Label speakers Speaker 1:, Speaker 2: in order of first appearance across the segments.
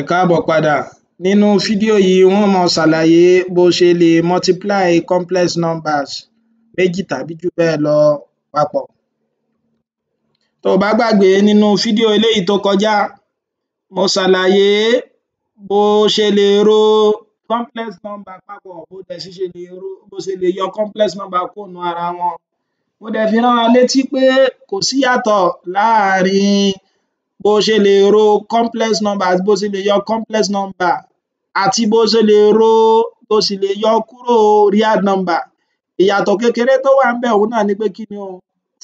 Speaker 1: Ẹ káàbọ̀ padà, nínú fídíò yìí n ó máa ṣàlàyé bó ṣe lè multiply complex numbers méjì tàbí jù bẹ́ẹ̀ lọ papọ̀. Tó o bá gbàgbé nínú fídíò eléyìí tó kọjá, mo ṣàlàyé bó o ṣe lè ro complex number papọ̀, bó o dẹ̀ sì ṣe lè ro, bó ṣe lè yọ complex number kúrò nínú ara wọn. Mo dẹ̀ fi rán wa létí pé kò síyàtọ̀ láàárín bó ṣe lè ro complex number àti bó ṣe lè yọ complex number àti bó ṣe lè ro tó sì lè yọ kúrò real number ìyàtọ̀ kékeré tó wà ńbẹ̀ òhun náà ni pé kí ni o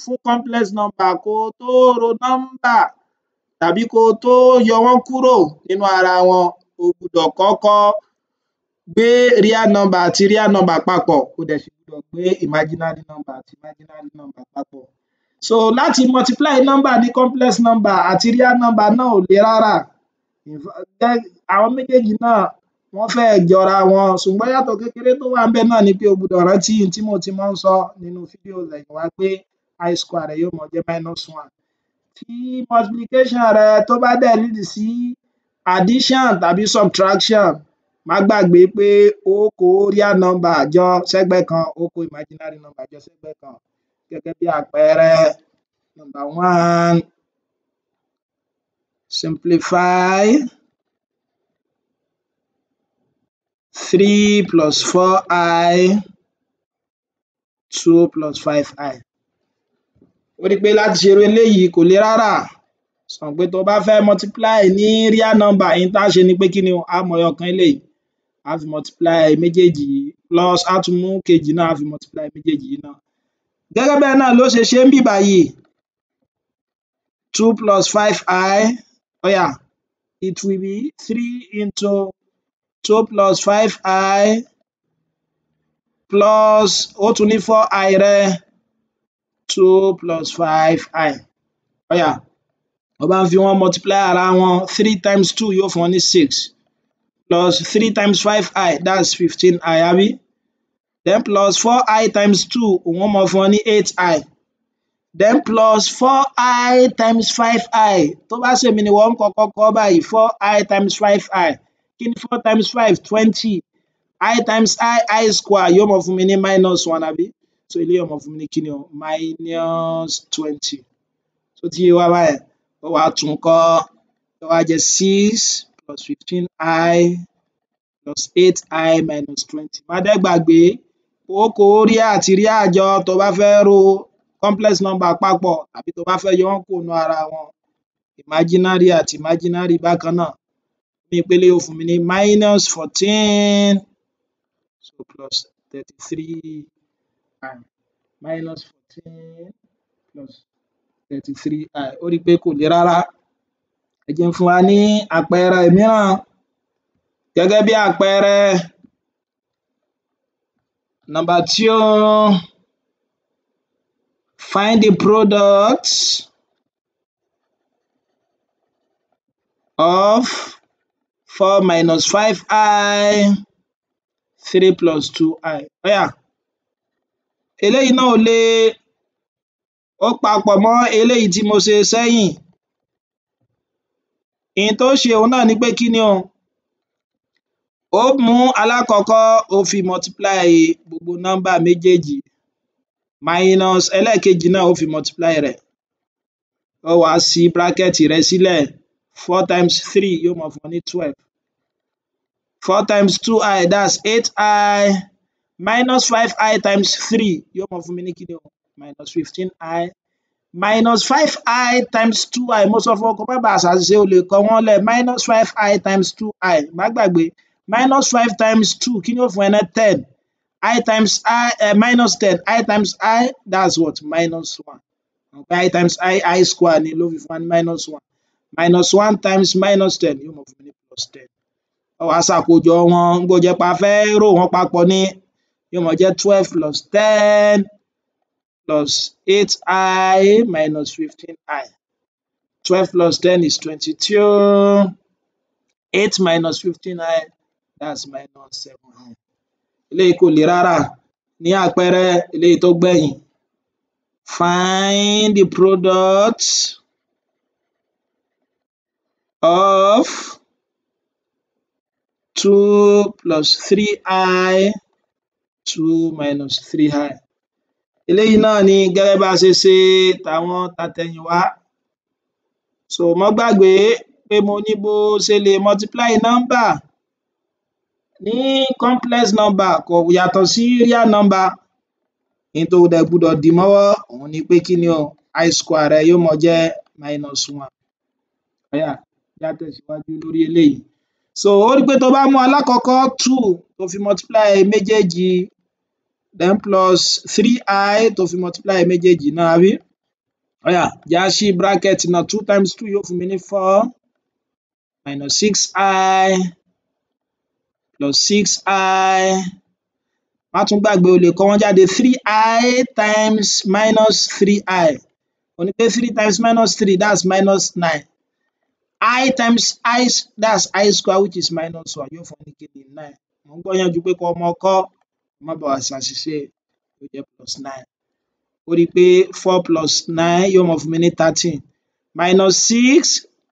Speaker 1: fún complex number ko tó ro nọ́ḿbà tàbí ko tó yọ wọ́n kúrò nínú ara wọn o gbúdọ̀ kọ́kọ́ gbé real number àti real number papọ̀ o dẹ̀ sì gbúdọ̀ gbé imaginary number àti imaginary number papọ̀ so láti multiply number ní complex number àti real number náà ò le rárá àwọn méjèèjì náà wọ́n fẹ́ẹ̀ jọra wọn ṣùgbọ́n yàtọ̀ kékeré tó wà ńbẹ̀ náà ni pé o gbọ́dọ̀ rántí ohun tí mo ti máa ń sọ nínú fídíòs ẹ̀yìn wá pé i square rẹ̀ yóò máa jẹ́ minus one tí multiplication rẹ tó bá dẹ̀ lead sí addition tàbí subtraction má gbàgbé pé o kó real number jọ sẹ́gbẹ́ kan o kó imaginary number jọ sẹ́gbẹ́ kan gẹ́gẹ́ bí àpẹẹrẹ number one simplify three plus four i two plus five i ó rí i pé láti ṣe irú eléyìí kò le rárá sọ pé tó bá fẹ́ multiply ní real number yìí tá a ṣe ni pé kí ni a mọ ọ̀kan eléyìí a fi multiply méjèèjì yìí plus a tún mú kejì náà a fi multiply méjèèjì yìí náà Gẹ́gẹ́ bẹ́ẹ̀ náà ló ṣe ṣe níbí báyìí two plus five i óyá it will be three into two plus five i plus ó tún ní four i rẹ two plus five i óyá ó bá ń fi wọ́n multiply ara wọn three times two yóò fún ọ ní six plus three times five i that's fifteen i àbí then plus 4 i times 2, one ó máa fún ọ i then plus 4 i times 5 i tó bá ṣèmi ni wọ́n ń kọ́kọ́ kọ báyìí four i times 5 i kí ni four times 5, 20. i times i i square yóò máa fún mi ní minus one àbí so eléyìí yóò máa fún mi ní kíni o minus 20. tó ti yé wa báyẹn ó wàá tún kọ ó wàá jẹ six plus 15 i plus 8 i minus 20. má dẹ̀ ó kó rí àti rí àjọ tó bá fẹ́ ro complex number papọ̀ tàbí tó bá fẹ́ yọ wọ́n kúrò nínú ara wọn imaginary àti imaginary bákan náà ní ìpele yóò fún mi ní minus fourteen so plus thirty-three i minus fourteen plus thirty-three i ó rí i pé kò le rárá ẹ jẹ́ n fún wa ní àpẹẹrẹ mìíràn gẹ́gẹ́ bí àpẹẹrẹ Number two, find the product of 4 minus 5i 3 plus 2i. Oh yeah. eléyìí náà ò le ó papọ̀ mọ́ eléyìí tí mo ṣe sẹ́yìn. Ihun tó ṣe òhun náà ni pé kí ni o? ó mú alákọ̀ọ́kọ́ ó fi multiply gbogbo number méjèèjì minus ẹlẹ́ẹ̀kejì náà ó fi multiply rẹ̀ ó wá ṣí bracket rẹ̀ sílẹ̀ four times three yóò máa fún ọ ní twelve four times two i that's eight i minus five i times three yóò máa fún mi ní kíni o minus fifteen i minus five i times two i mo sọ fún ọ kó má bàa ṣàṣìṣe o lè kọ wọ́n lẹ̀ minus five i times two i má gbàgbé minus five times two kí ni ó fún ẹ ten i times i uh, minus ten i times i that's what minus one okay i times i i square ni ló fi fún wa minus one minus one times minus ten yóò mọ fún mi plus ten ọwọ́ aṣàkójọ wọn gbọ́jẹ́ pa fẹ́ rò wọ́n papọ̀ ní yóò mọ jẹ́ twelve plus ten plus eight i minus fifteen i twelve plus ten is twenty-two eight minus fifteen i that's minus seven i eléyìí kò le rárá ní àpẹẹrẹ eléyìí tó gbẹ̀yìn find the product of two plus three i two minus three i eléyìí náà ni gẹ́gẹ́ bá a ṣe ṣe tàwọn tàtẹ̀yìnwá so mo gbàgbé pé mo ní bó ṣe lè multiply number ní complex number kò yàtọ̀ sí real number ohun tó dẹ̀ gbudọ̀ dì mọ́wọ́ òhun ni pé kíni o i square rẹ yóò máa jẹ́ minus one ó yá jẹ́ lórí eléyìí so ó ri pé tó bá mú alákọ̀ọ́kọ́ two tó fi multiply méjèèjì then plus three i tó fi multiply méjèèjì náà àbí ó yá jẹ́ á ṣí bracket náà two times two yóò fún mi ní four minus six i plus six i má tún gbàgbé o lè kọ wọ́n jáde three i times minus three i òun ni pé three times minus three that's minus nine i times i that's i square which is minus one yóò fún ní kíni nine mò ń gbọ́yànjú pé kọ́ ọmọ kọ́ má bàa ṣàṣìṣe ó jẹ́ plus nine ó rí i pé four plus nine yóò mọ̀ fún mi ní thirteen minus six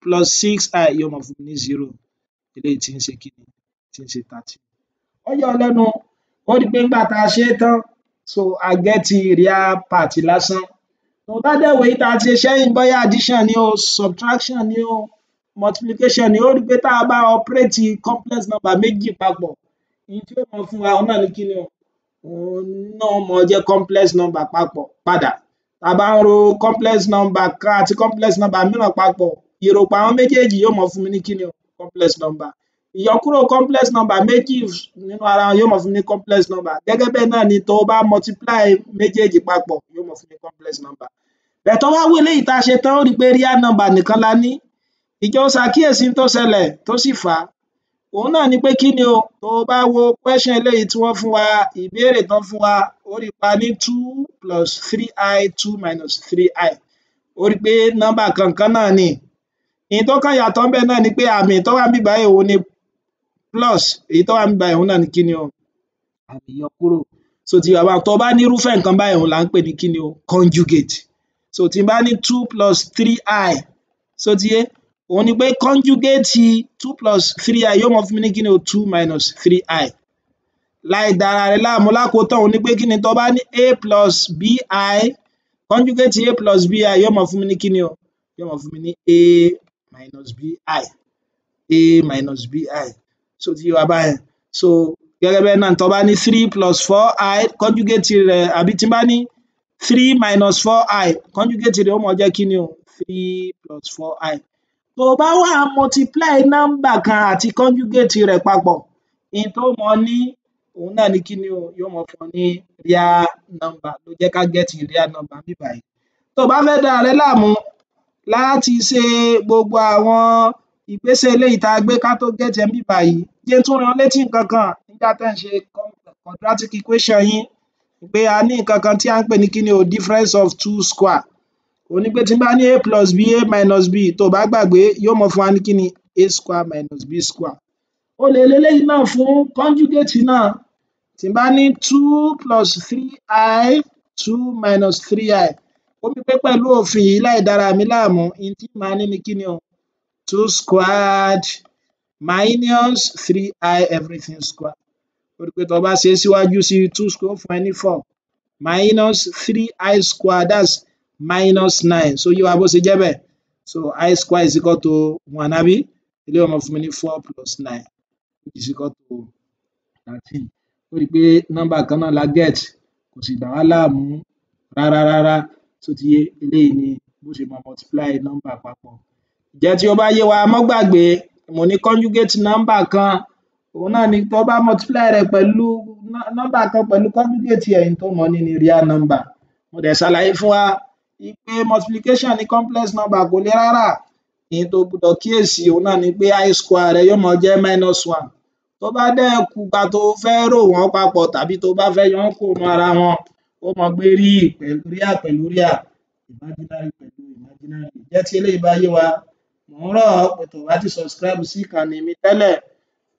Speaker 1: plus six i yóò mọ̀ fún mi ní zero eléyìí tí ń ṣe kíni tí ń ṣe thirteen. Ó yà wá lẹ́nu ó ri pé ńgbà tá a ṣe é tán so I get real part lásán. Tó o bá dẹ̀ wo èyí tá a ṣe sẹ́yìn bóyá addition ni o subtraction ni o multiplication ni o ó ri pé tá a bá operate complex number méjì papọ̀ ohun tí yóò máa fún wa òhun náà ni kí o náà máa jẹ́ complex number papọ̀ padà tá a ń ro complex number kan àti complex number mìíràn papọ̀ ìròpọ̀ àwọn méjèèjì yóò máa fún mi ní kí o complex number ìyọkúrò complex number méjì nínú ara wọn yóò mọ fún ní complex number gẹ́gẹ́ bẹ́ẹ̀ náà ni tó bá multiply méjèèjì papọ̀ yóò mọ fún ní complex number bẹ̀tọ́ wá wí eléyìí tá a ṣe tán ó rí i pé real number nìkan la ní ìjọ ṣàkíyèsí tó ṣẹlẹ̀ tó sì fà á òun náà ni pé kí ni o tó o bá wo question eléyìí tí wọ́n fún wa ìbéèrè tán fún wa ó rí i pa ní two plus three i two minus three i ó rí i pé nọ́mbà kankan náà ni ìyí tó kàn yàtọ̀ ńbẹ̀ náà ni pé àmì tó wà níbí báyìí òun ni plus èyí tó wà níbí báyìí òhun náà ni kíni o àmì ìyọkúrò ṣó ti tó bá ní irúfẹ́ nǹkan báyìí òhun là ń pè ní kíni o conjugate so tí bá ní two plus three i so ti yé òhun ni pé conjugate two plus three i yóò máa fún mi ní kíni o two minus three i láì dara rẹ láàmú lákòótán òhun ni pé kíni tó bá ní a plus b i, conjugate a plus bi yóò máa fún mi ní kíni o yóò máa fún mi ní a minus bi a minus bi so ti wà báyẹn so gẹ́gẹ́ bẹ́ẹ̀ náà tó bá ní three plus four i conjugate rẹ̀ àbí tí n bá ní three minus four i conjugate rẹ̀ ó mọ̀ jẹ́ kí ni o three plus four i tó o bá wá multiply nọ́mbà kan àti conjugate rẹ̀ papọ̀ in tó mọ ní òun náà ni kí ni o yóò mọ fún ní real number ló jẹ́ ká get real number níbí báyìí tó o bá fẹ́ dá ara rẹ láàmú láti ṣe gbogbo àwọn Ìgbésẹ̀ eléyìí tá a gbé ká tó gẹ́tì ẹ̀ níbí bàyìí jẹ́ n tún rán an létí nǹkan kan nígbà tẹ́ ẹ̀ ń ṣe quadratic equation yín pé a ní nǹkan kan tí à ń pè ní kíni o difference of two square òhun ni pé tí n bá ní a plus b a minus b tó o bá gbàgbé yóò mọ fún wa ní kíni a square minus b square. O lè lo eléyìí náà fún conjugate náà tí n bá ní two plus three i two minus three i ó wí pé pẹ̀lú òfin yìí láì dára mi láàmú n tí màá ní ni kíni o 2 squared minus 3i everything squared. Ó rí i pé tó o bá ṣe é síwájú sí i two square minus 3i squared that's minus 9 so yí wa bó ṣe jẹ́ bẹ́ẹ̀ so i squared is equal to 1 Abi eléyìí ó fún mi ní 4 plus 9 which is equal to 13 ó rí i pé nọ́mbà kan náà la get kò sì dà wá láàmú rárá rárá tó ti yé eléyìí ni bó ṣe máa multiply nọ́mbà papọ̀. Ǹjẹ́ tí ó bá yé wa ẹ má mo ní conjugate number kan òhun náà ni tó bá multiply rẹ̀ pẹ̀lú number kan pẹ̀lú conjugate ẹ̀ ohun tó mọ̀ ní ni real number. Mo dẹ̀ ṣàlàyé fún wa wí multiplication ní complex number kò le rárá ohun tó gbudọ̀ kíyèsí òhun náà ni pé i square rẹ̀ yó máa jẹ́ minus one tó bá dẹ̀ ku ìgbà tó o fẹ́ rò wọ́n papọ̀ tàbí tó o bá fẹ́ yọ wọ́n kúrò ara wọn ó máa gbé real pẹ̀lú real pẹ̀lú real imaginary pẹ̀lú imaginary. Ǹjẹ́ tí eléyìí bá yé wa mò ń rọ̀ ọ́ pé tó bá ti subscribe sí ìkànnì mi tẹ́lẹ̀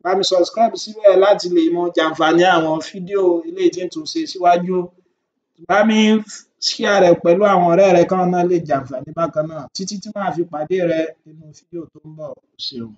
Speaker 1: bá mi subscribe síbẹ̀ láti lè mọ jàǹfààní àwọn fídíò eléyìí tí ń tún ṣe síwájú bá mi share rẹ̀ pẹ̀lú àwọn ọ̀rẹ́ rẹ káwọn náà lè jàǹfààní bákan náà títí tí màá fi pàdé rẹ nínú fídíò tó ń bọ̀ ṣeun